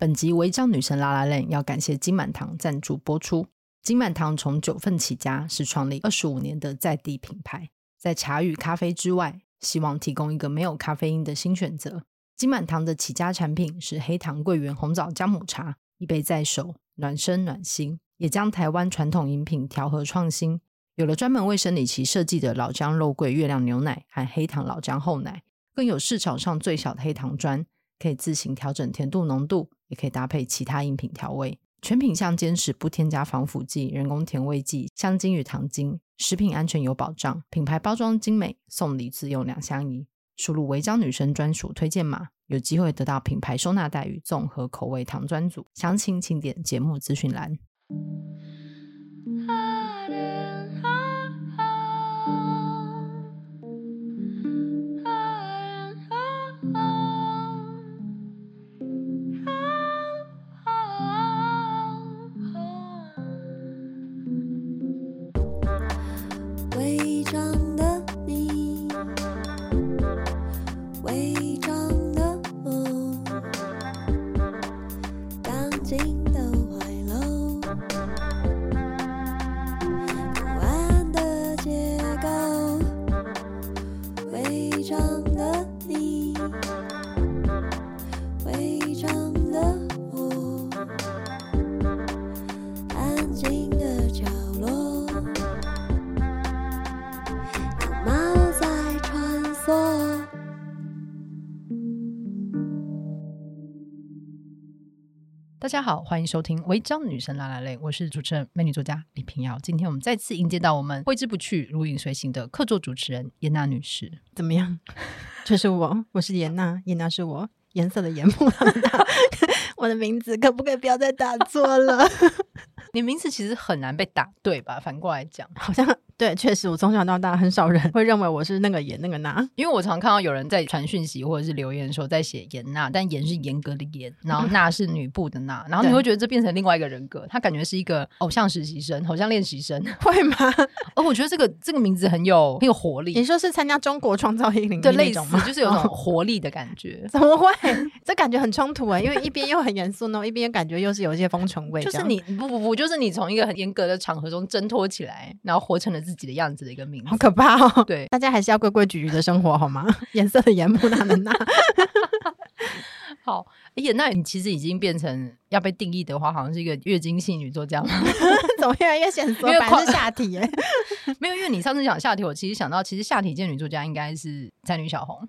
本集《違章女生 Lalaland》要感謝金滿堂贊助播出。金滿堂從九份起家，是創立二十五年的在地品牌。在茶與咖啡之外，希望提供一個沒有咖啡因的新選擇。金滿堂的起家產品是黑糖桂圓紅棗薑母茶，一杯在手，暖身暖心。也將台灣傳統飲品調和創新，有了專門為生理期設計的老薑肉桂月亮牛奶和黑糖老薑厚奶，更有市場上最小的黑糖磚，可以自行調整甜度濃度。也可以搭配其他飲品調味。全品項堅持不添加防腐劑、人工甜味劑、香精與糖精，食品安全有保障。品牌包裝精美，送禮自用兩相宜。輸入“違章女生專屬推薦碼”，有機會得到品牌收納袋與綜合口味糖專組。詳情請點節目資訊欄。 大家好，歡迎收聽《違章女生拉拉蕾》藍藍，我是主持人、美女作家李屏瑤。今天我們再次迎接到我們揮之不去、如影隨形的客座主持人顏訥女士，怎麼樣？這、就是我，我是顏訥，顏 訥是我顏色的顏木。 我的名字可不可以不要再打錯了？ 你名字其實很難被打對吧？反過來講，好像。對，確實，我從小到大很少人會認為我是那個嚴那個娜，因為我常看到有人在傳訊息或者是留言說在寫嚴娜，但嚴是嚴格的嚴，然後娜是女部的娜、嗯，然後你會覺得這變成另外一個人格，他感覺是一個偶像實習生、偶像練習生，會嗎？而、哦、我覺得這個這個名字很有很有活力。 你說是參加中國創造營的那種嗎？就是有種活力的感覺？哦、怎麼會？ 這感覺很衝突啊、欸，因為一邊又很嚴肅，然後一邊又感覺又是有一些風塵味。就是你不，不不不，就是你從一個很嚴格的場合中掙脫起來，然後活成了。自己的樣子的一個名字，好可怕哦、喔！對，大家還是要規規矩矩的生活，好嗎？顏 色很嚴不那的那， 好，哎、欸、呀，那你其實已經變成要被定義的話，好像是一個月經系女作家怎麼 越來越顯白是下體？哎， 沒有，因為你上次講下體，我其實想到，其實下體界女作家應該是才女小紅，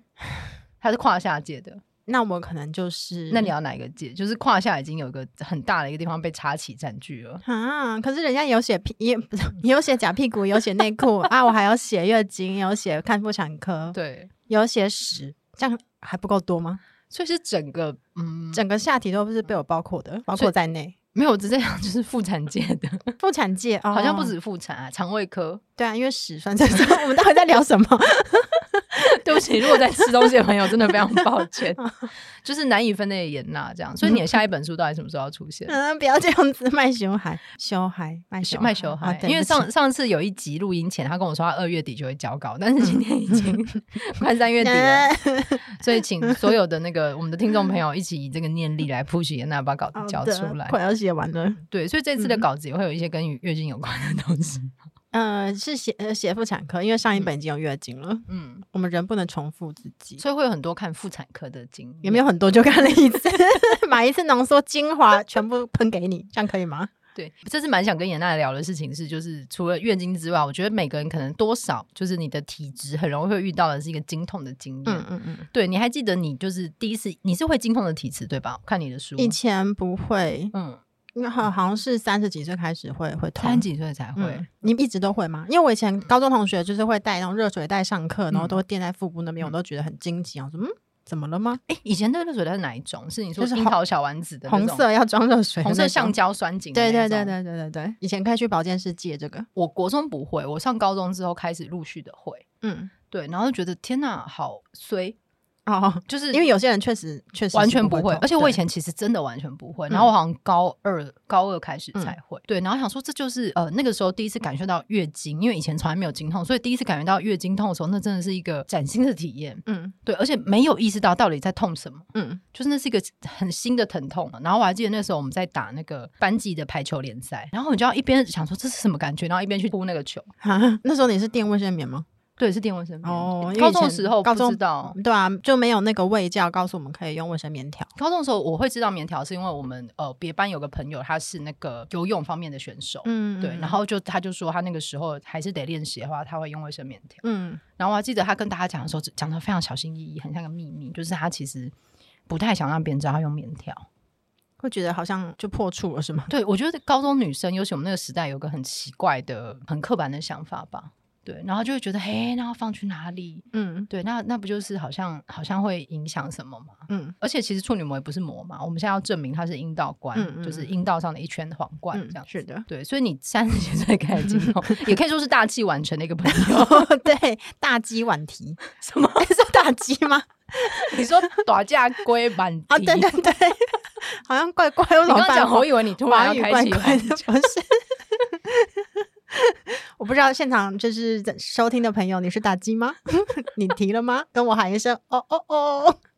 她是跨下界的。那我可能就是，那你要哪一個界？就是胯下已經有一個很大的一個地方被插起占據了啊！可是人家有寫屁，也不是有寫假屁股，有寫內褲啊，我還要寫月經，有寫看婦產科，對，有寫屎，這樣還不夠多嗎？所以是整個，嗯，整個下體都是被我包括的，包括在內。沒有，我直接講就是婦產界的，婦 產界、哦、好像不止婦產啊，腸胃科對啊，因為屎算在。 我們到底在聊什麼？ 對不起，如果在吃東西，朋友真的非常抱歉， 就是難以分類，嚴娜這樣。所以你的下一本書到底什麼時候要出現？嗯，嗯不要這樣子賣熊海，熊海賣修賣熊海。因為上上次有一集錄音前，他跟我說他二月底就會交稿，但是今天已經快、嗯、三月底了，嗯嗯，所以請所有的那個我們的聽眾朋友一起以這個念力來 push 嚴娜，把稿子交出來。快，哦、要寫完了，對，所以這次的稿子也會有一些跟月經有關的東西。呃，是寫呃寫婦產科，因為上一本已經有月經了。嗯，我們人不能重複自己，所以會有很多看婦產科的經歷，有沒有很多就看了一次，買 一次濃縮精華全部噴給你， 這樣可以嗎？對，這是蠻想跟顏訥聊的事情，是就是除了月經之外，我覺得每個人可能多少就是你的體質很容易會遇到的是一個經痛的經歷。嗯嗯嗯。對，你還記得你就是第一次你是會經痛的體質對吧？看你的書，以前不會。嗯。因好好像是三十幾歲開始會會痛，三十幾歲才會，嗯、你們一直都會嗎？因為我以前高中同學就是會帶那種熱水袋上課，然後都會墊在腹部那邊、嗯，我都覺得很驚奇啊，我說嗯，怎麼了嗎？誒、欸，以前的熱水袋是哪一種？是你說櫻桃小丸子的、就是、紅,紅色要裝熱水，紅色橡膠栓緊，對對對對對對對，以前可以去保健室借這個。我國中不會，我上高中之後開始陸續的會，嗯，對，然後就覺得天哪、啊，好衰。好好，就是因為有些人確實確實完全不會，而且我以前其實真的完全不會，然後我好像高二、嗯、高二開始才會、嗯。對，然後想說這就是呃那個時候第一次感受到月經，嗯、因為以前從來沒有經痛，所以第一次感覺到月經痛的時候，那真的是一個嶄新的體驗。嗯，對，而且沒有意識到到底在痛什麼。嗯，就是那是一個很新的疼痛。然後我還記得那時候我們在打那個班級的排球聯賽，然後我就要一邊想說這是什麼感覺，然後一邊去撲那個球、啊。那時候你是墊衛生棉嗎？對，是電蚊香片哦，高中的時候不知道，高中對啊，就沒有那個衛教告訴我們可以用衛生棉條。高中的時候我會知道棉條，是因為我們呃，別班有個朋友他是那個游泳方面的選手，嗯，嗯，對，然後就他就說他那個時候還是得練習的話，他會用衛生棉條。嗯，然後我還記得他跟大家講的時候，講的非常小心翼翼，很像個秘密，就是他其實不太想讓別人知道他用棉條，會覺得好像就破處了是嗎？對，我覺得高中女生，尤其我們那個時代，有個很奇怪的、很刻板的想法吧。對，然後就會覺得，嘿，那要放去哪裡？嗯，對，那那不就是好像好像會影響什麼嘛，嗯，而且其實處女膜也不是膜嘛，我們現在要證明它是陰道冠、嗯嗯，就是陰道上的一圈皇冠這樣子、嗯。是的，對，所以你三十歲才開金、喔嗯、也可以說是大器晚成的一個朋友、嗯。 對，大雞晚啼什麼？欸、是 你說大雞嗎？你說大隻龜晚啼？啊，對對對， 好像怪怪。你剛，剛講，我，我，我以為你突然要開始一個我不知道現場就是在收聽的朋友，你是打擊嗎？ 你提了嗎？ 跟我喊一聲哦哦哦！哦哦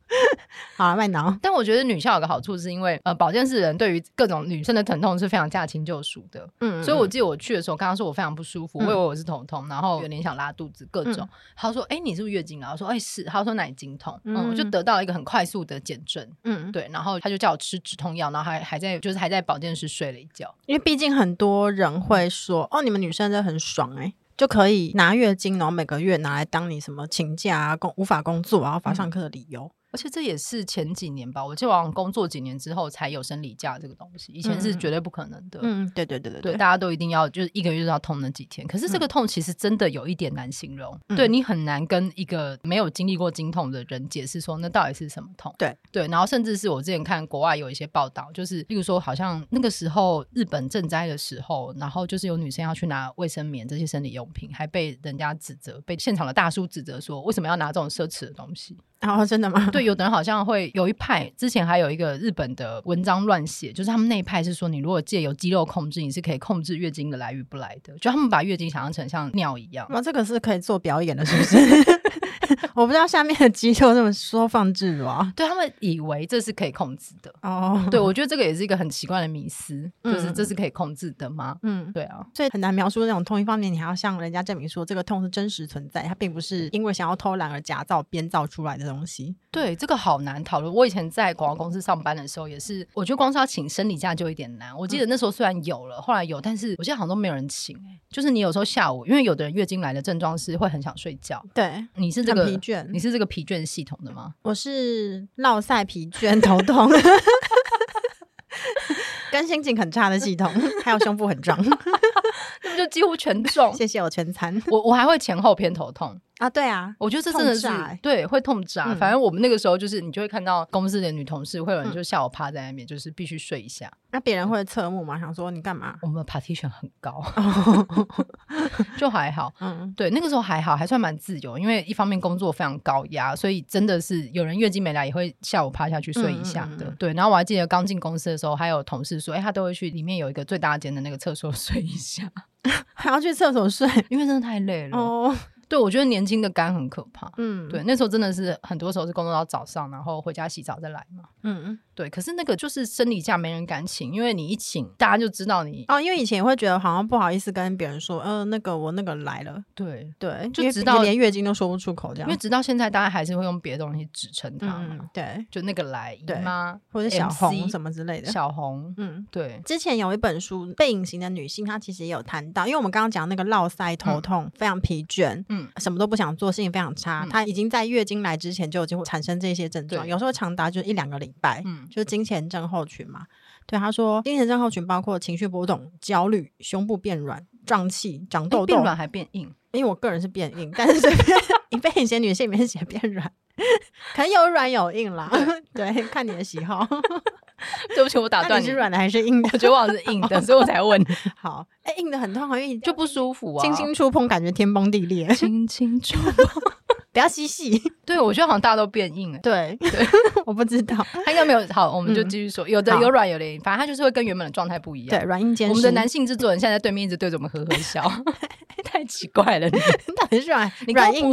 好了，麥腦。但我覺得女校有個好處，是因為呃，保健室人對於各種女生的疼痛是非常駕輕就熟的嗯。嗯，所以我記得我去的時候，剛剛說我非常不舒服，我、嗯、以為我是頭痛，然後有點想拉肚子，各種。嗯、他說：“哎、欸，你是不是月經了？”然後我說：“哎、欸，是。”他說：“那你經痛。”嗯，我就得到了一個很快速的診斷。嗯，對。然後他就叫我吃止痛藥，然後還還在就是還在保健室睡了一覺。因為畢竟很多人會說：“哦，你們女生真的很爽哎、欸，就可以拿月經，然後每個月拿來當你什麼請假啊、工無法工作然後無法上課的理由。嗯”而且這也是前幾年吧，我就往往工作幾年之後才有生理假這個東西，以前是絕對不可能的。嗯，嗯對對對對，對大家都一定要就是一個月就要痛那幾天，可是這個痛其實真的有一點難形容。嗯、對你很難跟一個沒有經歷過經痛的人解釋說那到底是什麼痛。對對，然後甚至是我之前看國外有一些報道，就是例如說好像那個時候日本震災的時候，然後就是有女生要去拿衛生棉這些生理用品，還被人家指責，被現場的大叔指責說為什麼要拿這種奢侈的東西。哦，真的嗎？對，有的人好像會有一派，之前還有一個日本的文章亂寫，就是他們那一派是說，你如果借由肌肉控制，你是可以控制月經的來與不來的。就他們把月經想象成像尿一樣，那這個是可以做表演的，是不是？ 我不知道下面的肌肉這麼說放置啊。對，他們以為這是可以控制的哦。Oh. 對，我覺得這個也是一個很奇怪的迷思，就是這是可以控制的嗎？嗯，對啊，所以很難描述那種痛。一方面，你還要向人家證明說這個痛是真實存在，它並不是因為想要偷懶而假造、編造出來的東西。對，這個好難討論。我以前在廣告公司上班的時候，也是，我覺得光是要請生理假就有點難。我記得那時候雖然有了，後來有，但是我現在好像都沒有人請。就是你有時候下午，因為有的人月經來的症狀是會很想睡覺，對，你是這個。疲倦？你是這個疲倦系統的嗎？我是落賽疲倦 頭痛 跟心情很差的系統，還有胸部很脹 那不就幾乎全中？ 謝謝我全餐 我。我我還會前後偏頭痛。啊，對啊，我覺得這真的是、欸、對會痛炸、嗯。反正我們那個時候就是，你就會看到公司的女同事會有人就下午趴在那邊，就是必須睡一下。嗯、那別人會側目嘛、嗯？想說你幹嘛？我們 partition 很高，哦、 就還好。嗯，對，那個時候還好，還算蠻自由。因為一方面工作非常高壓，所以真的是有人月經沒來也會下午趴下去睡一下的。嗯嗯嗯對，然後我還記得剛進公司的時候，還有同事說，哎，他都會去裡面有一個最大間的那個廁所睡一下，還要去廁所睡，因為真的太累了。哦對，我覺得年輕的肝很可怕。嗯，對，那時候真的是很多時候是工作到早上，然後回家洗澡再來嘛。嗯嗯，對。可是那個就是生理假沒人敢請，因為你一請，大家就知道你哦。因為以前也會覺得好像不好意思跟別人說，嗯、呃，那個我那個來了。對對，就直到連月經都說不出口這樣。因為直到現在，大家還是會用別的東西指稱它。對，就那個來姨媽、嗯、或者小紅什麼之類的。小紅，嗯，對。之前有一本書《被隱形的女性》，她其實也有談到，因為我們剛剛講那個落腮、頭痛、嗯、非常疲倦，嗯。什麼都不想做，性情非常差、嗯。他已經在月經來之前就有機會產生這些症狀，有時候長達就一兩個禮拜。嗯，就是經前症候群嘛。對，他說經前症候群包括情緒波動、焦慮、胸部變軟、脹氣、長痘痘。變軟還變硬？因為我個人是變硬，但是 你被一些女性裡面寫變軟， 可能有軟有硬啦。對， 對，看你的喜好。 對不起，我打斷你。你是軟的還是硬的？我覺得我好像是硬的， 所以我才問。 好，哎、欸，硬的很痛，好像就不舒服啊。輕輕觸碰，感覺天崩地裂。輕輕觸碰， 不要嬉戲。對，我覺得好像大家都變硬了。對對， 我不知道，他應該沒有。好，我們就繼續說、嗯，有的有軟有硬，反正他就是會跟原本的狀態不一樣。對，軟硬兼施。我們的男性制作人現在在對面一直對着我們呵呵笑。 太奇怪了你 到底是，你軟軟硬，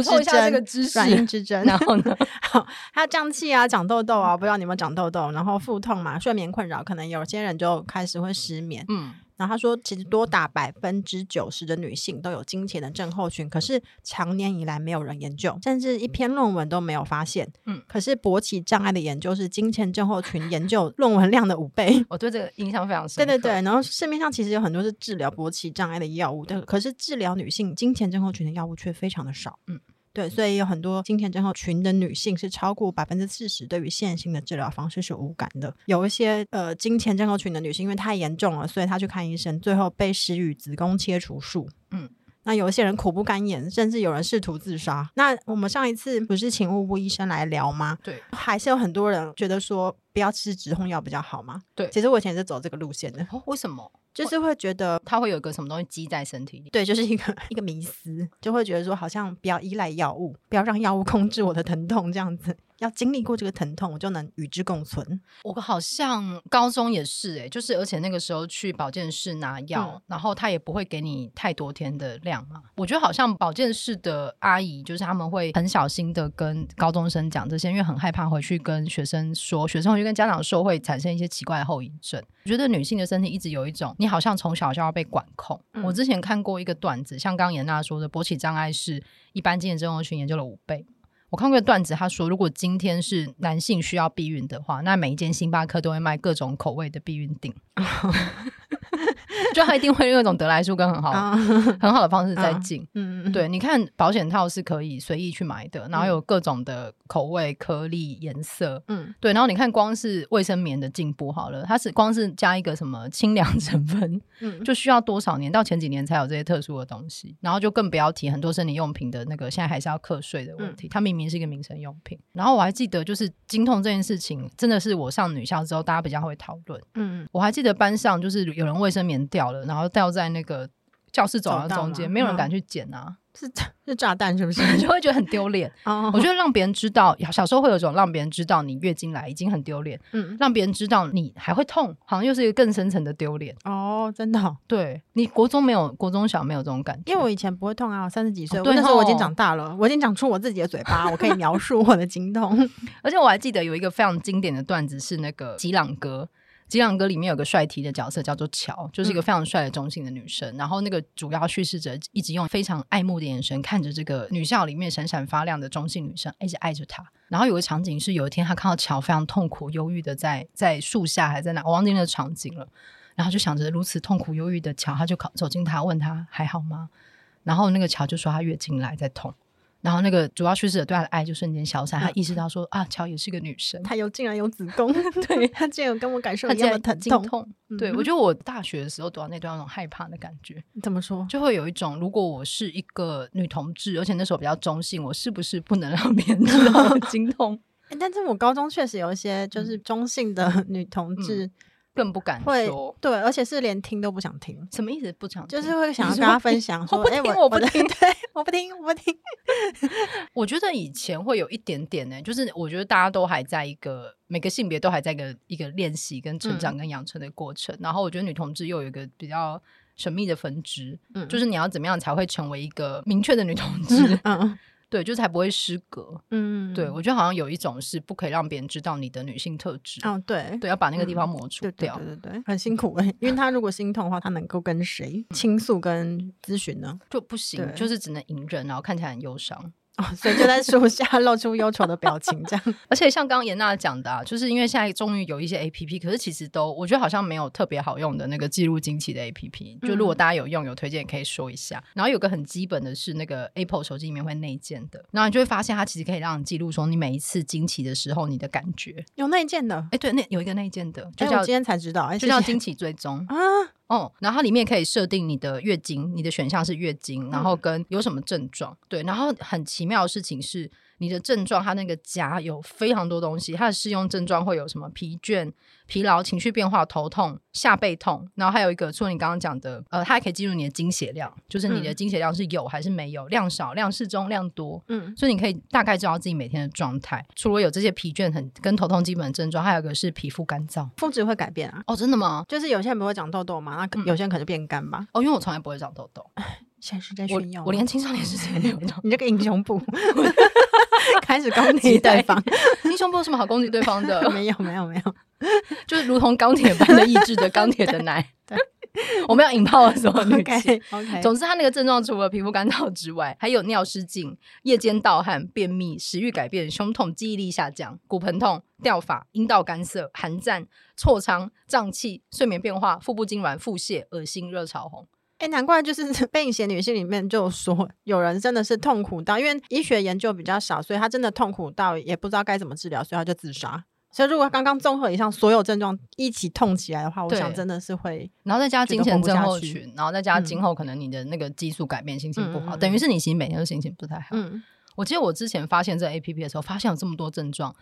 硬之爭，然後呢？ 好，還有脹氣啊，長痘痘啊，不知道你們長痘痘，然後腹痛嘛，睡眠困擾，可能有些人就開始會失眠，嗯。然後他說，其實多達百分之九十的女性都有經前的症候群，可是常年以來沒有人研究，甚至一篇論文都沒有發現。嗯，可是勃起障礙的研究是經前症候群研究論文量的五倍。我對這個印象非常深。對對對，然後市面上其實有很多是治療勃起障礙的藥物的，但可是治療女性經前症候群的藥物卻非常的少。嗯。對，所以有很多經前症候群的女性是超過百分之四十，對於現行的治療方式是無感的。有一些呃經前症候群的女性，因為太嚴重了，所以她去看醫生，最後被施予子宮切除術。嗯，那有一些人苦不堪言，甚至有人試圖自殺。那我們上一次不是請烏烏醫生來聊嗎？對，還是有很多人覺得說不要吃止痛藥比較好嗎？對，其實我以前是走這個路線的。哦，為什麼？就是會覺得它會有一個什麼東西積在身體裡，對，就是一個一個迷思，就會覺得說好像不要依賴藥物，不要讓藥物控制我的疼痛這樣子。要經歷過這個疼痛，我就能與之共存。我好像高中也是、欸，哎，就是而且那個時候去保健室拿藥、嗯，然後他也不會給你太多天的量嘛。我覺得好像保健室的阿姨，就是他們會很小心的跟高中生講這些，因為很害怕回去跟學生說，學生回去跟家長說，會產生一些奇怪的後遺症。我覺得女性的身體一直有一種，你好像從小就要被管控、嗯。我之前看過一個段子，像剛剛顏訥說的，勃起障礙是一般經前症候群研究了五倍。我看過段子，他說，如果今天是男性需要避孕的話，那每一間星巴克都會賣各種口味的避孕錠。 就他一定會用一種得來速跟很好、oh. 很好的方式在進，嗯嗯，對，你看保險套是可以隨意去買的，然後有各種的口味、顆粒、顏色，嗯、mm -hmm.，對，然後你看光是衛生棉的進步好了，它是光是加一個什麼清涼成分，嗯、mm -hmm.，就需要多少年到前幾年才有這些特殊的東西，然後就更不要提很多生理用品的那個現在還是要課稅的問題，mm -hmm. 它明明是一個民生用品，然後我還記得就是經痛這件事情真的是我上女校之後大家比較會討論，嗯嗯，我還記得班上就是有人衛生棉。掉了，然後掉在那個教室走廊中間、嗯，沒有人敢去撿啊！是是炸彈，是不是？你 就會覺得很丟臉。Oh. 我覺得讓別人知道，小時候會有一種讓別人知道你月經來已經很丟臉。嗯，讓別人知道你還會痛，好像又是一個更深層的丟臉。哦、oh,，真的。對，你國中沒有，國中小沒有這種感覺，因為我以前不會痛啊。三十幾歲，oh, 哦、我那時候我已經長大了，我已經長出我自己的嘴巴， 我可以描述我的經痛。 而且我還記得有一個非常經典的段子，是那個吉朗哥。《金亮哥》裡面有個帥 T 的角色叫做喬，就是一個非常帥的中性的女生、嗯。然後那個主要敘事者一直用非常愛慕的眼神看着這個女校裡面閃閃發亮的中性女生，一直愛着她。然後有個場景是有一天他看到喬非常痛苦、憂鬱的在在樹下，還在那，我忘記那個場景了。然後就想着如此痛苦、憂鬱的喬，他就靠走進他問他還好嗎？然後那個喬就說他月經來在痛。然後那個主要敘事者對她的愛就瞬間消散，她、嗯、意識到說啊，喬也是個女生，她有竟然有子宮， 對她竟然有跟我感受一樣的疼痛，痛、嗯。對，我覺得我大學的時候讀到那段那種害怕的感覺，怎麼說？就會有一種如果我是一個女同志，而且那時候比較中性，我是不是不能讓別人知道我經痛？哎， 但是我高中確實有一些就是中性的女同志。嗯嗯更不敢說，對，而且是連聽都不想聽，什麼意思？不想聽就是會想要跟他分享，我聽我不聽，我不聽，欸、 對，我不聽，我不聽。 我覺得以前會有一點點呢、欸，就是我覺得大家都還在一個每個性別都還在一個一個練習跟成長跟養成的過程、嗯，然後我覺得女同志又有一個比較神秘的分支，嗯，就是你要怎麼樣才會成為一個明確的女同志，嗯。嗯對，就是才不會失格。嗯，對，我覺得好像有一種是不可以讓別人知道你的女性特質。嗯、哦，對，對，要把那個地方抹除掉。嗯、對，對，對對對，很辛苦、欸。因為他如果心痛的話，他能夠跟誰、嗯、傾訴、跟諮詢呢？就不行，就是只能隱忍，然後看起來很憂傷。 所以就在樹下露出憂愁的表情，這樣。 而且像剛剛顏訥講的啊，就是因為現在終於有一些 A P P，可是其實都我覺得好像沒有特別好用的那個記錄經期的 A P P、嗯。就如果大家有用有推薦，也可以說一下。然後有個很基本的是那個 Apple 手機裡面會內建的，然後你就會發現它其實可以讓你記錄說你每一次經期的時候你的感覺。有內建的？哎、欸，對，那有一個內建的，就叫、欸、我今天才知道，欸、謝謝就叫經期追蹤啊。哦，然後裡面可以設定你的月經，你的選項是月經，嗯，然後跟有什麼症狀？對，然後很奇妙的事情是。你的症狀，它那個夾有非常多東西，它的適用症狀會有什麼？疲倦、疲勞、情緒變化、頭痛、下背痛，然後還有一個，除了你剛剛講的，呃，它還可以記錄你的經血量，就是你的經血量是有還是沒有？量少、量適中、量多，嗯，所以你可以大概知道自己每天的狀態。嗯、除了有這些疲倦很、很跟頭痛基本的症狀，還有一個是皮膚乾燥，膚質會改變啊？哦，真的嗎？就是有些人不會長痘痘嘛，那有些人可能就變乾吧、嗯？哦，因為我從來不會長痘痘，現在是在炫耀，我連青少年時期都沒有。 你這個英雄不？ 開始攻擊對方，你胸部有什麼好攻擊對方的？ 沒有沒有沒有，就是如同鋼鐵般的意志的鋼鐵的奶。 對對 我們要引爆的時候 ，OK OK。總之，他那個症狀除了皮膚乾燥之外，還有尿失禁、夜間盜汗、便秘、食慾改變、胸痛、記憶力下降、骨盆痛、掉髮、陰道乾澀、寒戰、挫傷、脹氣、睡眠變化、腹部痙攣、腹瀉、噁心、熱潮紅。哎、欸，難怪就是被隱形女性裡面就說有人真的是痛苦到，因為醫學研究比較少，所以她真的痛苦到也不知道該怎麼治療，所以她就自殺。所以如果剛剛綜合以上所有症狀一起痛起來的話，我想真的是會，然後再加經前症候群，然後再加今後可能你的那個激素改變，心情不好，嗯、等於是你其實每天都心情不太好。嗯、我記得我之前發現這 A P P 的時候，發現有這麼多症狀。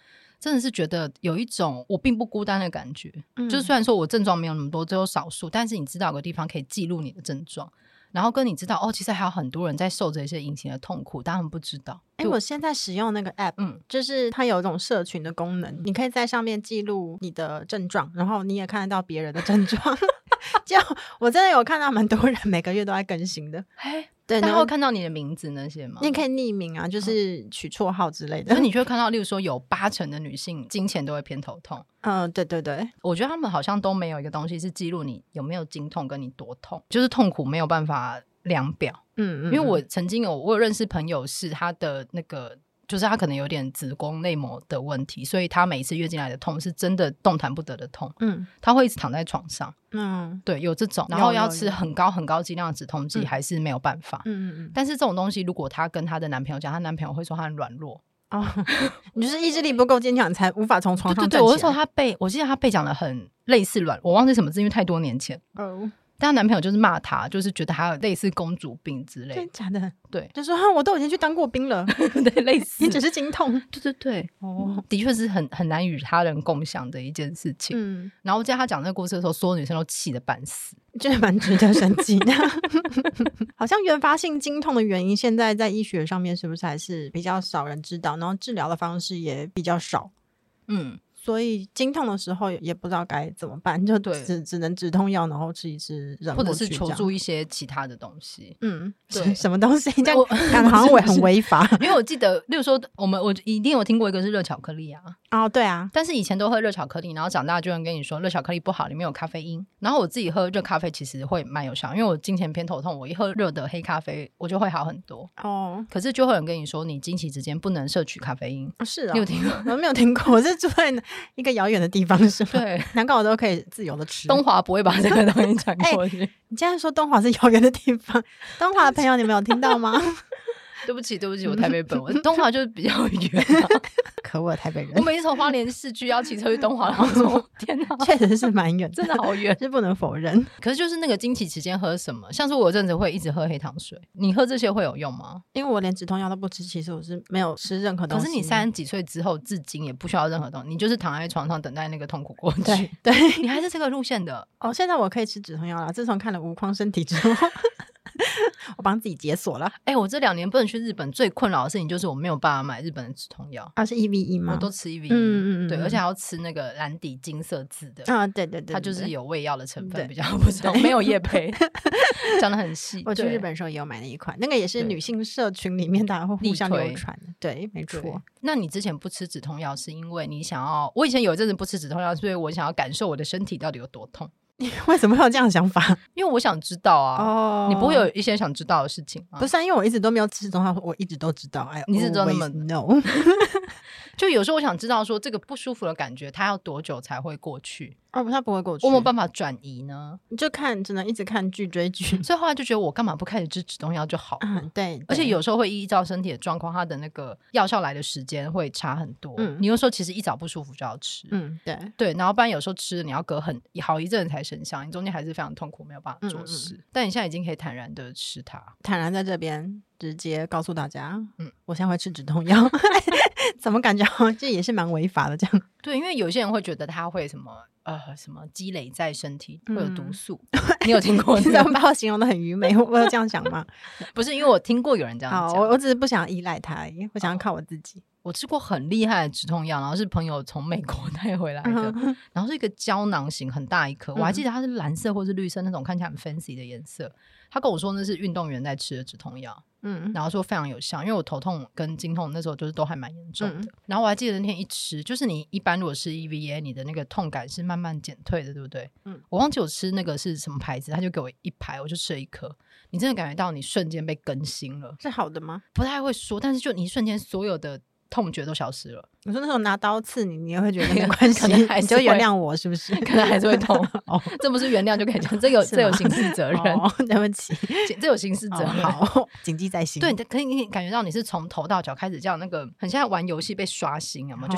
真的是覺得有一種我並不孤單的感覺。嗯、就是雖然說我症狀沒有那麼多，只有少數，但是你知道有個地方可以記錄你的症狀，然後跟你知道哦，其實還有很多人在受這些隱形的痛苦，他們不知道。哎、欸，我現在使用那個 App，嗯，就是它有一種社群的功能，你可以在上面記錄你的症狀，然後你也看得到別人的症狀， 就我真的有看到蠻多人每個月都在更新的，對，然後他會看到你的名字那些嗎？你可以匿名啊，就是取綽號之類的。然、嗯、後你就會看到，例如說有八成的女性，經前都會偏頭痛。嗯，對對對，我覺得他們好像都沒有一個東西是記錄你有沒有經痛，跟你多痛，就是痛苦沒有辦法量表。嗯、嗯、嗯，因為我曾經有我有認識朋友是他的那個。就是她可能有點子宮內膜的問題，所以她每一次月經來的痛是真的動彈不得的痛，嗯，她會一直躺在床上，嗯，對，有這種，然後要吃很高很高劑量的止痛劑，嗯，還是沒有辦法，嗯嗯嗯。但是這種東西，如果她跟她的男朋友講，她男朋友會說她很軟弱哦， 你就是意志力不夠堅強，你才無法從床上。對，對對，我是說她被，我記得她被講的很類似軟，我忘記什麼字，因為太多年前。嗯但她男朋友就是罵她，就是覺得她有類似公主病之類的，真的？對，就說我都已經去當過兵了， 對，類似你只是經痛，對、就、對、是、對，哦，的確是很很難與他人共享的一件事情。嗯，然後我記得她講這個故事的時候，所有女生都氣得半死，真的蠻值得震驚的。 那 好像原發性經痛的原因，現在在醫學上面是不是還是比較少人知道？然後治療的方式也比較少。嗯。所以經痛的時候也不知道該怎麼辦，就只對只能止痛藥，然後吃一吃，或者是求助一些其他的東西。嗯，對，什麼，什麼東西這樣感覺好像很違法。 因為我記得，例如說我們，我，我一定有聽過一個是熱巧克力啊。啊、哦，對啊。但是以前都喝熱巧克力，然後長大就有人跟你說熱巧克力不好，裡面有咖啡因。然後我自己喝熱咖啡其實會蠻有效，因為我經前偏頭痛，我一喝熱的黑咖啡我就會好很多。哦。可是就會有人跟你說你經期之間不能攝取咖啡因。是啊。有聽過？ 沒有聽過。我是住在。一個遙遠的地方是嗎？對，難怪我都可以自由的吃。 東華不會把這個東西傳過去、 欸。你既然說東華是遙遠的地方，東華的朋友，你們有聽到嗎？ 對不起，對不起，我台北本文， 東華就是比較遠，啊，可惡的台北人。我每次從花蓮市區要騎車去東華，然後說 天哪，啊，確實是蠻遠， 真的好遠，是不能否認。可是就是那個經期期間喝什麼，像是我有陣子會一直喝黑糖水，你喝這些會有用嗎？因為我連止痛藥都不吃，其實我是沒有吃任何東西。可是你三十幾歲之後，至今也不需要任何東西，你就是躺在床上等待那個痛苦過去。對，對你還是這個路線的。 哦，現在我可以吃止痛藥了，自從看了《無框身體》之後。 我幫自己解鎖了。哎、欸，我這兩年不能去日本，最困擾的事情就是我沒有辦法買日本的止痛藥。它、啊、是 EVE 嗎？我都吃 EVE，嗯嗯，嗯對，而且要吃那個藍底金色字的。啊，對對對，它就是有胃藥的成分，嗯嗯嗯，比較不錯，沒有業配，長 得很細。我去日本的時候也有買那一款，那個也是女性社群裡面大家會互相流傳的。對，沒錯。那你之前不吃止痛藥，是因為你想要？我以前有一陣子不吃止痛藥，所以我想要感受我的身體到底有多痛。你為什麼會有這樣的想法？因為我想知道啊，哦、oh，你不會有一些想知道的事情嗎？不是，因為我一直都沒有吃動它，我一直都知道。哎，你一直都那麼 know？ 就有時候我想知道說，說這個不舒服的感覺，它要多久才會過去？哦，不，他不會過去。我沒有辦法轉移呢，你就看，只能一直看劇追劇。所 以後來就覺得，我幹嘛不開始吃止痛藥就好了？嗯，對，對。而且有時候會依照身體的狀況，它的那個藥效來的時間會差很多。嗯，你有時候其實一早不舒服就要吃。嗯，對對。然後不然有時候吃，你要隔很好一陣才生效，你中間還是非常痛苦，沒有辦法做事。嗯嗯，但你現在已經可以坦然的吃它，坦然在這邊直接告訴大家，嗯，我現在會吃止痛藥。 怎麼感覺好像這也是蠻違法的這樣？對，因為有些人會覺得他會什麼。呃，什麼積累在身體會有毒素，嗯？你有聽過這樣？ 你怎麼把我形容的很愚昧？我有這樣想嗎？ 不是，因為我聽過有人這樣講。我我只是不想依賴它，我想要靠我自己。哦、我吃過很厲害的止痛藥，然後是朋友從美國帶回來的，嗯，然後是一個膠囊型，很大一顆，嗯，我還記得它是藍色或是綠色那種，看起來很 fancy 的顏色。他跟我說那是運動員在吃的止痛藥，嗯，然後說非常有效，因為我頭痛跟經痛那時候就是都還蠻嚴重的、嗯。然後我還記得那天一吃，就是你一般如果是 EVA，你的那個痛感是慢慢減退的，對不對？嗯，我忘記我吃那個是什麼牌子，他就給我一排，我就吃了一顆。你真的感覺到你瞬間被更新了，是好的嗎？不太會說，但是就你一瞬間所有的痛覺都消失了。我說那時候拿刀刺你，你也會覺得那沒關係，你 就原諒我是不是？ 可能還是會痛。哦， 這不是原諒就可以講，這有這有刑事責任、哦。對不起， 這有刑事責任，謹、哦、記在心。對，你可以，你感覺到你是從頭到腳開始這樣，那個很像玩遊戲被刷新，有沒，就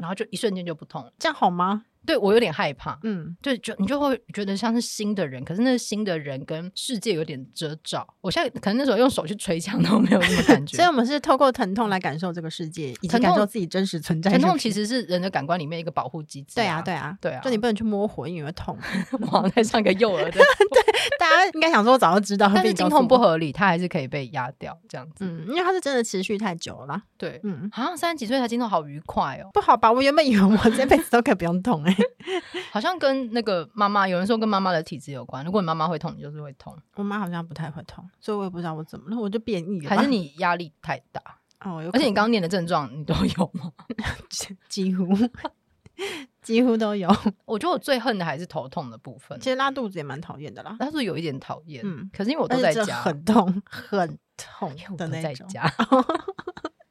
然後就一瞬間就不痛，哦、 這樣好嗎？對我有點害怕。嗯，對，就你就會覺得像是新的人，可是那新的人跟世界有點遮罩。我現在可能那時候用手去捶牆都沒有這個感覺， 所以，我們是透過疼痛來感受這個世界，疼痛感。知道自己真實存在，疼痛其實是人的感官裡面一個保護機制、啊。對啊，對啊，對啊，就你不能去摸火，因為會痛。哇，還上個幼兒的。對， 大家應該想說，我早就知道，但是經痛不合理， 它還是可以被壓掉這樣子、嗯。因為它是真的持續太久了。對，嗯，好像三十幾歲才經痛，好愉快哦。不好吧？我原本以為我這輩子都可以不用痛誒、欸， 好像跟那個媽媽，有人說跟媽媽的體質有關。如果你媽媽會痛，你就是會痛。我媽好像不太會痛，所以我也不知道我怎麼，了，我就變異了，還是你壓力太大？哦，而且你剛念的症狀，你都有嗎？ 幾乎幾乎都有。 我覺得我最恨的還是頭痛的部分。其實拉肚子也蠻討厭的啦，但是有一點討厭。嗯，可是因為我都在家，很痛很痛的在家。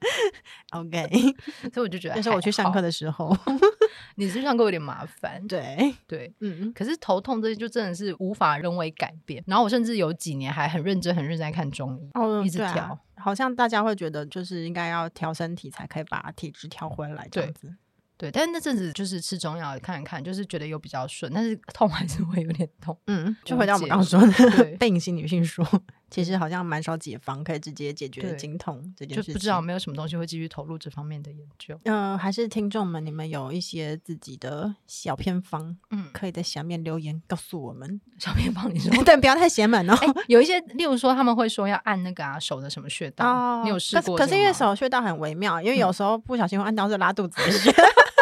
OK， 所以我就覺得，但、就是我去上課的時候， 你是不是上課有點麻煩？ 對對，嗯。可是頭痛這些就真的是無法人為改變。然後我甚至有幾年還很認真、很認真在看中醫，哦，一直調、啊。好像大家會覺得，就是應該要調身體才可以把體質調回來這樣子。對對，但是那陣子就是吃中藥看一看，就是覺得又比較順，但是痛還是會有點痛。嗯，就回到我們剛剛說的，被隱形的 女性說。其實好像蠻少解方可以直接解決經痛這件事，就不知道沒有什麼東西會繼續投入這方面的研究。嗯、呃，還是聽眾們，你們有一些自己的小偏方，嗯，可以在下面留言告訴我們小偏方。你說，但 不要太邪門哦、欸。有一些，例如說他們會說要按那個、啊、手的什麼穴道，哦、你有試過是，可是因為手穴道很微妙，因為有時候不小心會按到就拉肚子的。嗯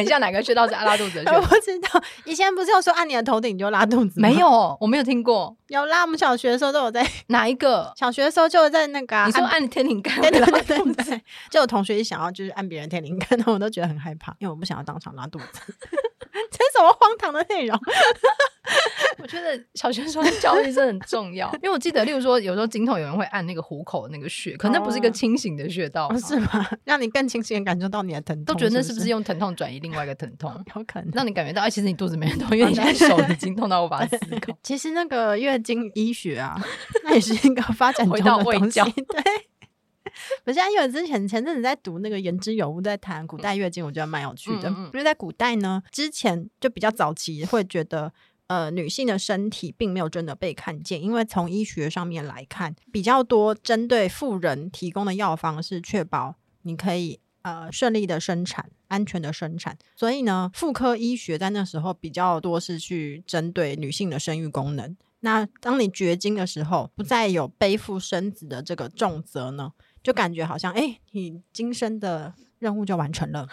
等 像哪個穴道是阿拉肚子的？的？ 我不知道。以前不是有說按你的頭頂你就拉肚子嗎？ 沒有，我沒有聽過。有啦，我們小學的時候都有在 哪一個？小學的時候就有在那個，你說按天靈蓋，天靈蓋，對對對對。就有同學一想要就是按別人天靈蓋，那我都覺得很害怕，因為我不想要當場拉肚子。 這是什麼荒唐的內容？ 我覺得小學說教育真的很重要， 因為我記得，例如說，有時候經痛，有人會按那個虎口的那個穴，可能那不是一個清醒的穴道、啊，是嗎？讓你更清醒的感受到你的疼痛，都覺得那是不是用疼痛轉移另外一個疼痛？有可能讓你感覺到，哎，其實你肚子沒痛，嗯、因為你的手已經痛到無法思考。 其實那個月經 醫學啊， 那也是一個發展中的。 回到胃鏡，對。 不是、啊，因為之前前陣子在讀那個《言之有物》，在談古代月經，我覺得蠻有趣的。因、嗯、為、嗯就是、在古代呢，之前就比較早期會覺得，呃，女性的身體並沒有真的被看見，因為從醫學上面來看，比較多針對婦人提供的藥方是確保你可以呃順利的生產、安全的生產。所以呢，婦科醫學在那時候比較多是去針對女性的生育功能。那當你絕經的時候，不再有背負生子的這個重責呢？就感覺好像，哎、欸，你今生的任務就完成了，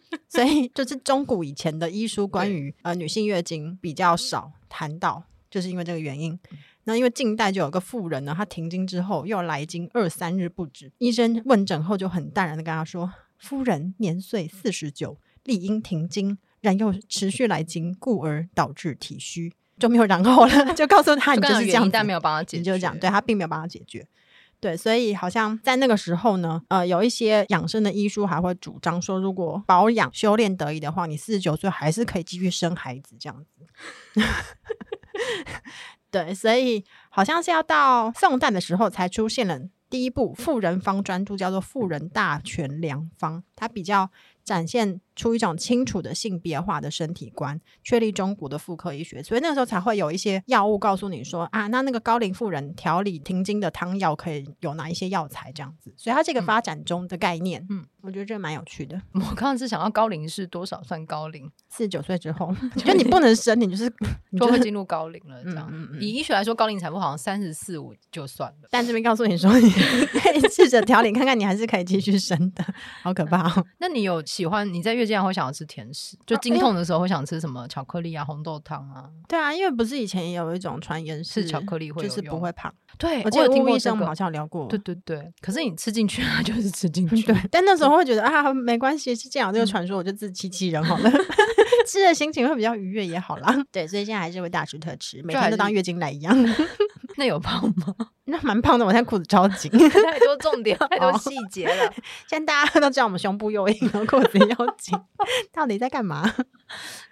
所以就是中古以前的醫書關於呃女性月經比較少談到，就是因為這個原因。嗯、那因為近代就有個婦人呢，她停經之後又來經二三日不止，嗯、醫生問診後就很淡然的跟她說：“嗯、夫人年歲四十九，理應停經，然又持續來經，故而導致體虛。嗯”就沒有然後了，就告訴她 你，就就你就是這樣，但沒有幫她解決，就是這樣，對她並沒有幫她解決。對，所以好像在那個時候呢，呃，有一些養生的醫書還會主張說，如果保養、修煉得宜的話，你四十九歲還是可以繼續生孩子這樣子。 對，所以好像是要到宋代的時候才出現了。第一步，婦人方專注叫做婦人大全良方，它比較展現出一種清楚的性別化的身體觀，確立中古的婦科醫學，所以那個時候才會有一些藥物告訴你說啊，那那個高齡婦人調理停經的湯藥可以有哪一些藥材這樣子，所以它這個發展中的概念，嗯。嗯我覺得這蠻有趣的。我剛剛是想要高齡是多少算高齡？四十九歲之後， 覺得你不能生， 你就是就會進入高齡了。這樣，嗯嗯嗯，以醫學來說，高齡產婦好像三十四五就算了。但這邊告訴你說，你可以試着調理 看看，你還是可以繼續生的。好可怕，哦嗯！那你有喜歡你在月經後想要吃甜食？啊，就經痛的時候會想吃什麼？啊，巧克力啊、紅豆湯啊？對啊，因為不是以前也有一種傳言是巧克力或是，就是不會胖。對，我記得有聽醫生好像聊過。對對對。可是你吃進去，啊，就是吃進去。 對，但那時候。會覺得啊，沒關係，是這樣這個傳說，我就自欺欺人好了，嗯、 吃的心情會比較愉悅也好啦。對，所以現在還是會大吃特吃，每天都當月經來一樣。那有胖嗎？那蠻胖的，我現在褲子超緊。 太多重點，太多細節了、哦。現在大家都知道我們胸部又硬，褲子又緊， 到底在幹嘛？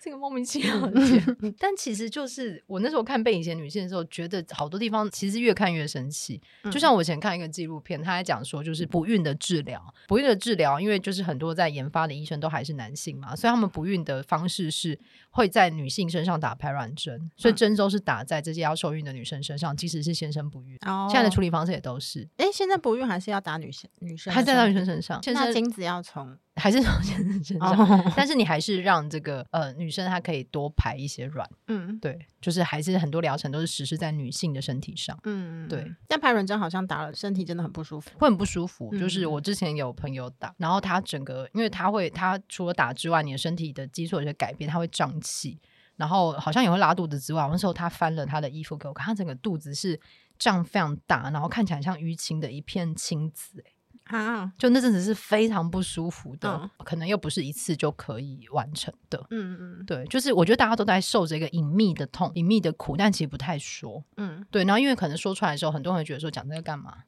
這個莫名其妙的， 但其實就是我那時候看被隱形的女性的時候，覺得好多地方其實越看越生氣、嗯。就像我以前看一個紀錄片，她還講說，就是不孕的治療、嗯，不孕的治療，因為就是很多在研發的醫生都還是男性嘛，所以他們不孕的方式是會在女性身上打排卵針，嗯、所以針都是打在這些要受孕的女生身上，即使是先生不育、嗯，現在的處理方式也都是。誒，現在不孕還是要打女性，女生還在打女生身上，那精子要從？還是從身上，哦呵呵呵，但是你還是讓這個呃女生她可以多排一些卵，嗯，對，就是還是很多療程都是實施在女性的身體上，嗯對。但排卵針好像打了身體真的很不舒服，會很不舒服。就是我之前有朋友打，嗯、然後她整個，因為她會，她除了打之外，你的身體的激素有些改變，她會脹氣，然後好像也會拉肚子。之外，我那時候她翻了她的衣服給我看，她整個肚子是脹非常大，然後看起來像淤青的一片青紫，欸。啊、哦，就那陣子是非常不舒服的、哦，可能又不是一次就可以完成的。嗯嗯對，就是我覺得大家都在受着一個隱祕的痛、隱祕的苦，但其實不太說。嗯，對。然後因為可能說出來的時候，很多人覺得說講這個幹嘛？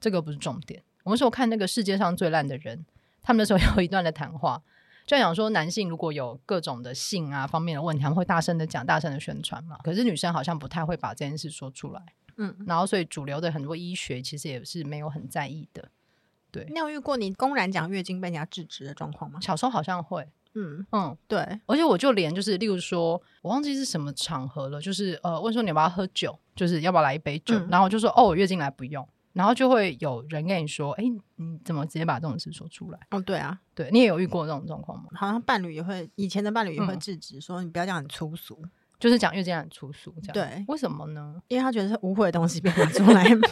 這個不是重點。我們說我看那個世界上最爛的人，他們的時候有一段的談話，就講說男性如果有各種的性啊方面的問題，他們會大聲的講、大聲的宣傳嘛。可是女生好像不太會把這件事說出來。嗯，然後所以主流的很多醫學其實也是沒有很在意的。對，你有遇過你公然講月經被人家制止的狀況嗎？小時候好像會，嗯嗯，對。而且我就連就是，例如說我忘記是什麼場合了，就是呃，問說你要不要喝酒，就是要不要來一杯酒，嗯、然後我就說哦，我月經來不用，然後就會有人跟你說，哎、欸，你怎麼直接把這種事說出來？哦、嗯，對啊，對你也有遇過這種狀況嗎？好像伴侶也會，以前的伴侶也會制止、嗯、說，你不要這樣很粗俗，就是講月經來很粗俗這樣。對，為什麼呢？因為他覺得是污穢的東西被拿出來。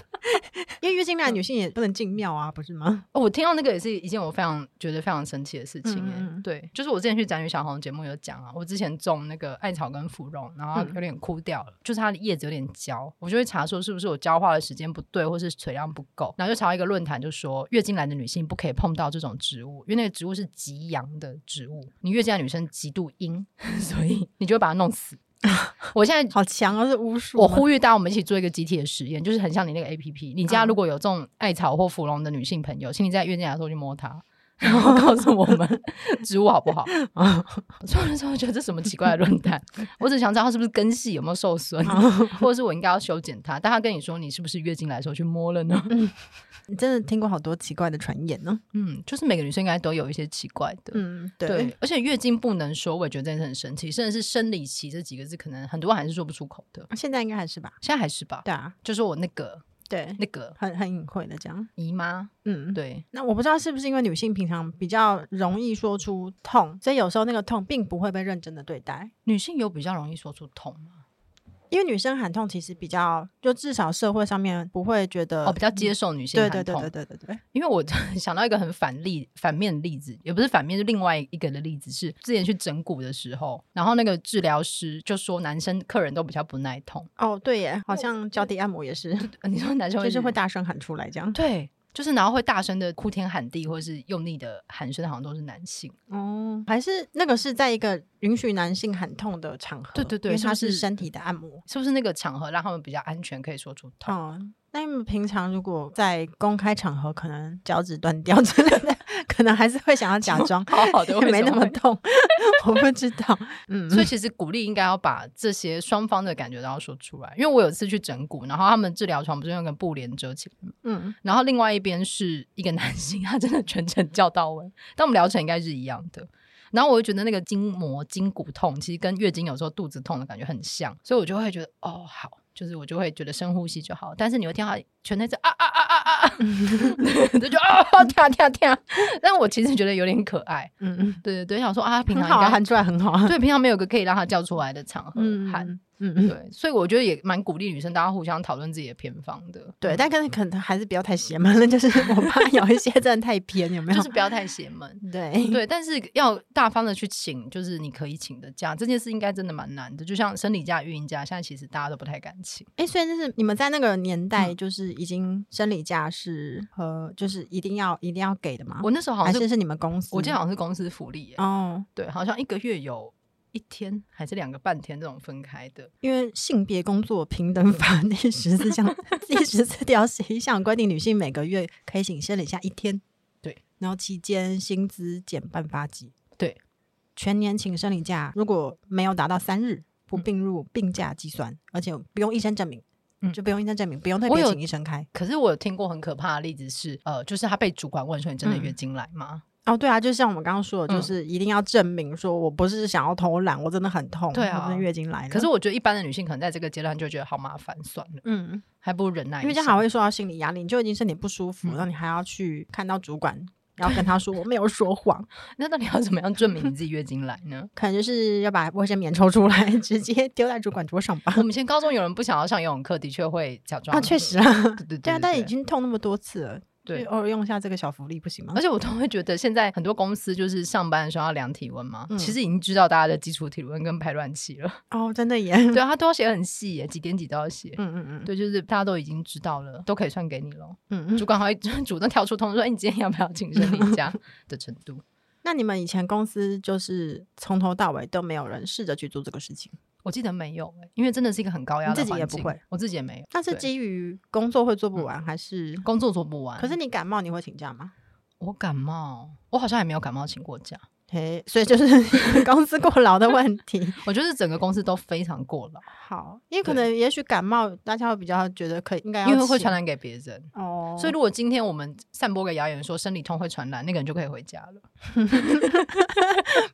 因為月經來的女性也不能進廟啊，嗯，不是嗎？哦，我聽到那個也是一件我非常、嗯、覺得非常神奇的事情，嗯嗯。對，就是我之前去《宅女小紅》的節目有講啊，我之前種那個艾草跟芙蓉，然後有點枯掉了、嗯，就是它的葉子有點焦，我就會查說是不是我澆花的時間不對，或是水量不夠，然後就查到一個論壇，就說月經來的女性不可以碰到這種植物，因為那個植物是極陽的植物，你月經來的女生極度陰，所以你就會把它弄死。 我現在好強哦，是巫術，我呼籲大家，我們一起做一個集體的實驗， 就是很像你那個 A P P。 你家如果有這種艾草或芙蓉的女性朋友，嗯、請你在月經來的時候去摸它。 然後告訴我們植物好不好？ 說說，我從來時候覺得這什麼奇怪的論壇， 我只想知道它是不是根系有沒有受損， 或者是我應該要修剪它。但他跟你說，你是不是月經來的時候去摸了呢？你真的聽過好多奇怪的傳言呢、哦？ 嗯，就是每個女生應該都有一些奇怪的。嗯對，對。而且月經不能說，我也覺得真的很神奇。甚至是生理期這幾個字，可能很多人還是說不出口的。現在應該還是吧？現在還是吧？對啊，就是我那個。對，那個很很隱晦的這樣，姨媽，嗯，對。那我不知道是不是因為女性平常比較容易說出痛，所以有時候那個痛並不會被認真的對待。女性有比較容易說出痛嗎？因為女生喊痛其實比較，就至少社會上面不會覺得哦，比較接受女性喊痛。對對對對對對對。因為我想到一個很反例、反面的例子，也不是反面，是另外一個的例子，是之前去整骨的時候，然後那個治療師就說男生客人都比較不耐痛。哦，對耶，好像腳底按摩也是，你說男生就是會大聲喊出來這樣。對。就是然後會大聲的哭天喊地，或者是用力的喊聲，好像都是男性。哦，還是那個是在一個允許男性喊痛的場合？對對對，因為它是身體的按摩，是不是，是不是那個場合讓他們比較安全，可以說出痛？哦。那你們平常如果在公開場合，可能腳趾斷掉之類的？ 可能還是會想要假裝好好的，我沒那麼痛，麼 我不知道。 嗯，所以其實鼓勵應該要把這些雙方的感覺都要說出來。因為我有一次去整骨，然後他們治療床不是用一個布簾遮起來，嗯，然後另外一邊是一個男性，他真的全程叫到位，但我們療程應該是一樣的。然後我就覺得那個筋膜筋骨痛，其實跟月經有時候肚子痛的感覺很像，所以我就會覺得哦，好。就是我就會覺得深呼吸就好，但是你會聽到他全在這啊啊，啊啊啊啊啊，這 就啊跳跳跳， 但我其實覺得有點可愛，嗯嗯，對對對，想說啊平常應該喊出來很好，所以平常沒有個可以讓他叫出來的場合、嗯、喊。嗯嗯，對，所以我覺得也蠻鼓勵女生大家互相討論自己的偏方的。對，但可能可能還是不要太邪門了、嗯，就是我怕有一些真的太偏， 有沒有？就是不要太邪門，對對。但是要大方的去請，就是你可以請的假，這件事應該真的蠻難的。就像生理假、孕假，現在其實大家都不太敢請。哎、欸，雖然就是你們在那個年代，就是已經生理假是呃，就是一定要、嗯、一定要給的嗎？我那時候好像是是，是你們公司，我記得好像是公司福利耶哦。對，好像一個月有。一天還是兩個半天這種分開的，因為《性別工作平等法》第十四條第 十四條， 十一項規定，女性每個月可以請生理假一天，對，然後期間薪資減半發給，對，全年請生理假如果沒有達到三日，不併入病假計算，嗯，而且不用醫生證明，嗯，就不用醫生證明，不用特別請醫生開。可是我有聽過很可怕的例子是，呃，就是他被主管問說：“你真的月經來嗎？”嗯哦，對啊，就像我們剛剛說的、嗯，就是一定要證明說我不是想要偷懶，我真的很痛。對啊，不月經來了。可是我覺得一般的女性可能在這個階段就覺得好麻煩，算了，嗯，還不如忍耐。因為這樣還會受到心理壓力，你就已經身體不舒服，那、嗯、你還要去看到主管，然後跟他說 我沒有說謊。 那到底要怎麼樣證明你自己月經來呢？可能就是要把衛生棉抽出來，直接丟在主管桌上吧。 我們以前高中有人不想要上游泳課，的確會假裝。啊，確實啊。 對對對，對，對，對、啊。但但已經痛那麼多次了。對，偶爾用一下這個小福利不行嗎？而且我都會覺得現在很多公司就是上班的時候要量體溫嘛、嗯，其實已經知道大家的基礎體溫跟排卵期了。哦，真的耶！對啊，他都要寫很細耶，幾點幾都要寫。嗯嗯嗯，對，就是大家都已經知道了，都可以算給你了。嗯，嗯，主管還會主動跳出通知說：“哎、欸，你今天要不要請生理假？”的程度。嗯嗯 那你們以前公司就是從頭到尾都沒有人試着去做這個事情。我記得沒有，因為真的是一個很高壓的環境，我自己也不會，我自己也沒有。但是基於工作會做不完，嗯、還是工作做不完？可是你感冒你會請假嗎？我感冒，我好像也沒有感冒請過假。嘿、hey，所以就是 公司過勞的問題。 我覺得整個公司都非常過勞。好，因為可能也許感冒，大家會比較覺得可以應該要，因為會傳染給別人。哦、oh。所以如果今天我們散播個謠言說生理痛會傳染，那個人就可以回家了。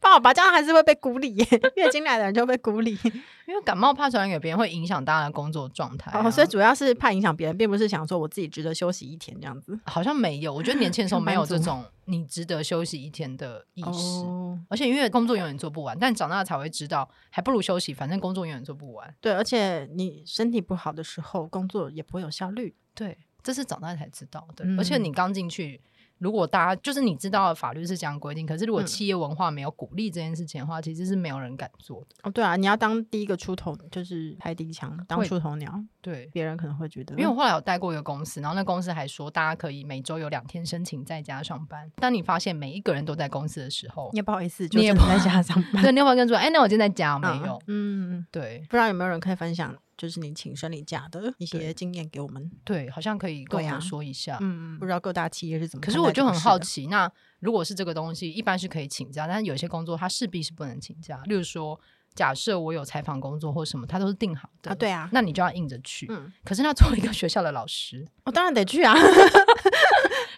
爸爸這樣還是會被孤立耶，月經來的人就被孤立， 因為感冒怕傳染給別人，會影響大家的工作狀態、啊。哦、oh，所以主要是怕影響別人，並不是想說我自己值得休息一天這樣子。好像沒有，我覺得年輕的時候沒有這種。 你值得休息一天的意識，Oh. 而且因為工作永遠做不完，但長大才會知道，還不如休息，反正工作永遠做不完。對，而且你身體不好的時候，工作也不會有效率。對，這是長大才知道的，嗯，而且你剛進去。如果大家就是你知道的法律是這樣規定，可是如果企業文化沒有鼓勵這件事情的話，嗯、其實是沒有人敢做的。哦，對啊，你要當第一個出頭，就是拍第一槍，當出頭鳥。對，別人可能會覺得，因為我後來有帶過一個公司，然後那公司還說大家可以每週有兩天申請在家上班，當你發現每一個人都在公司的時候，嗯、你也不好意思，你也不在家上班。 對，你有沒有跟說，哎，那我就在家、啊，沒有。嗯，嗯，對，不知道有沒有人可以分享，就是你請生理假的一些經驗給我們，對，對，好像可以跟我們說一下，啊、嗯，嗯，不知道各大企業是怎麼。可是我就很好奇，那如果是這個東西，一般是可以請假，但是有些工作它勢必是不能請假。例如說，假設我有採訪工作或什麼，它都是定好的，啊對啊，那你就要硬着去。嗯，可是那作為一個學校的老師，我、哦、當然得去啊。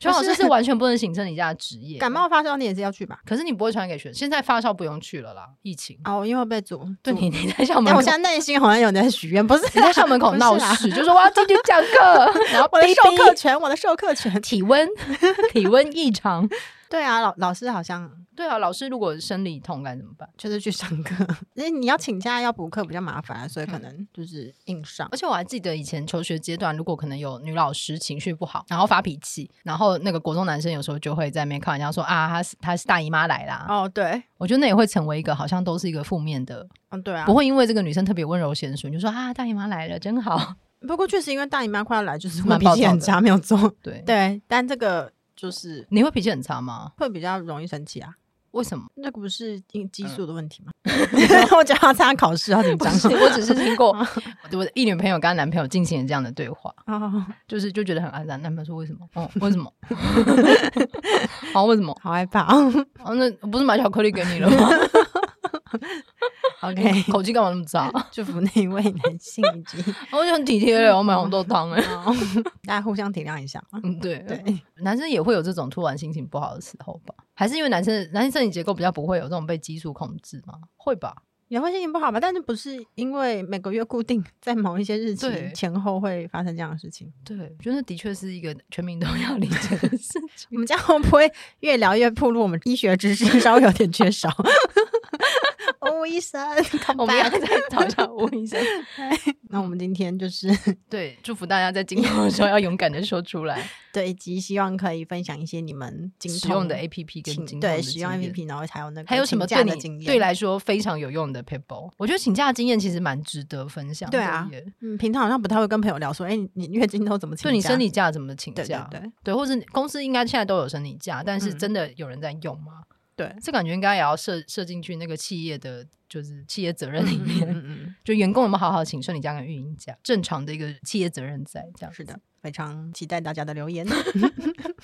全老師是完全不能形成你家的職業。 感冒發燒你也是要去吧？可是你不會傳染給學生。現在發燒不用去了啦，疫情。哦、oh，因為被阻。對你，你在校門口。但、欸、我現在內心好像有在許願，不是你在校門口鬧事，就是我要進去講課， 然後我的授課權，我的授課權。體溫，體溫異常。 對啊，老老師好像。對啊，老師如果生理痛該怎麼辦？就是去上課，那、欸、你要請假，要補課比較麻煩，所以可能就是硬上。而且我還記得以前求學階段，如果可能有女老師情緒不好，然後發脾氣，然後那個國中男生有時候就會在那邊開玩笑說啊，她是她，她是大姨媽來啦。哦，對，我覺得那也會成為一個好像都是一個負面的。嗯，對啊，不會因為這個女生特別溫柔賢淑，你就說啊大姨媽來了真好。不過確實因為大姨媽快要來，就是會脾氣很差，沒有做。對對，但這個就是你會脾氣很差嗎？會比較容易生氣啊。為什麼？那個不是因激素的問題嗎？嗯、 我講他參加考試啊，緊 張。我只是聽過我的一女朋友跟她男朋友進行了這樣的對話， 就是就覺得很安然。男朋友說為什麼、嗯：“為什麼？哦，為什麼？好，為什麼？好害怕啊！那我不是買巧克力給你了嗎？” OK，口氣幹嘛那麼渣？ 祝福那一位男性一句， 我就很體貼了，我買紅豆湯了，大家互相體諒一下。 嗯，對對， 男生也會有這種突然心情不好的時候吧？還是因為男生男性生理結構比較不會有這種被激素控制嗎？會吧，也會心情不好吧，但是不是因為每個月固定在某一些日期前後會發生這樣的事情？對，我覺得的確是一個全民都要理解的事情。 我們家會不會越聊越暴露？我們醫學知識稍微有點缺少。 問一聲，我們要在台上問一聲。 那我們今天就是對，祝福大家在經痛的時候要勇敢的說出來。 對，及希望可以分享一些你們使用的 APP 跟的經痛，對使用 APP，然後還有那個還有什麼對你經驗對來說非常有用的撇步。我覺得請假經驗其實蠻值得分享的。對啊，對，嗯，平常好像不太會跟朋友聊說，哎、欸，你月經都怎麼請？就你生理假怎麼請假？對對，對，對，對，或者公司應該現在都有生理假，但是真的有人在用嗎？嗯對，這個、感覺應該也要設設進去那個企業的就是企業責任裡面嗯嗯嗯嗯，就員工有沒有好好請生理假跟運營假，正常的一個企業責任在這樣。是的，非常期待大家的留言。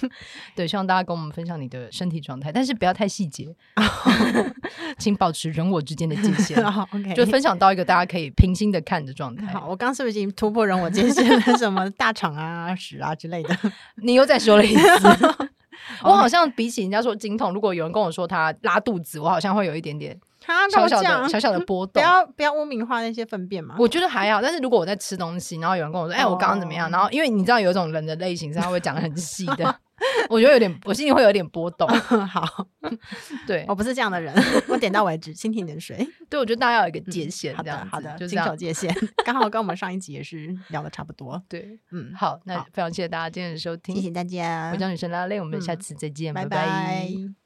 對，希望大家跟我們分享你的身體狀態，但是不要太細節，oh. 請保持人我之間的界限。Oh. 就分享到一個大家可以平心的看的狀態。Oh. Okay. 好，我剛，剛是不是已經突破人我界限，什麼大腸啊、屎 啊，啊之類的？ 你又再說了一次。 Oh, okay. 我好像比起人家說經痛，如果有人跟我說他拉肚子，我好像會有一點點小小,小的,、啊、小,小,的小小的波動。嗯、不要不要污名化那些糞便嘛。我覺得還好，但是如果我在吃東西，然後有人跟我說，哎、oh. 欸，我剛剛怎麼樣？然後因為你知道有一種人的類型，他會講得很細的， 我覺得有點，我心裡會有點波動。好 對，對 我不是這樣的人，我點到為止，蜻蜓點水。對，我覺得大家要有一個界限，嗯、好的，好的，就找、是、界限， 剛好跟我們上一集也是聊得差不多。 對，嗯，好，那非常謝謝大家今天的收聽，謝謝大家，我叫女生 Lalaland，我們下次再見，嗯、拜拜。拜拜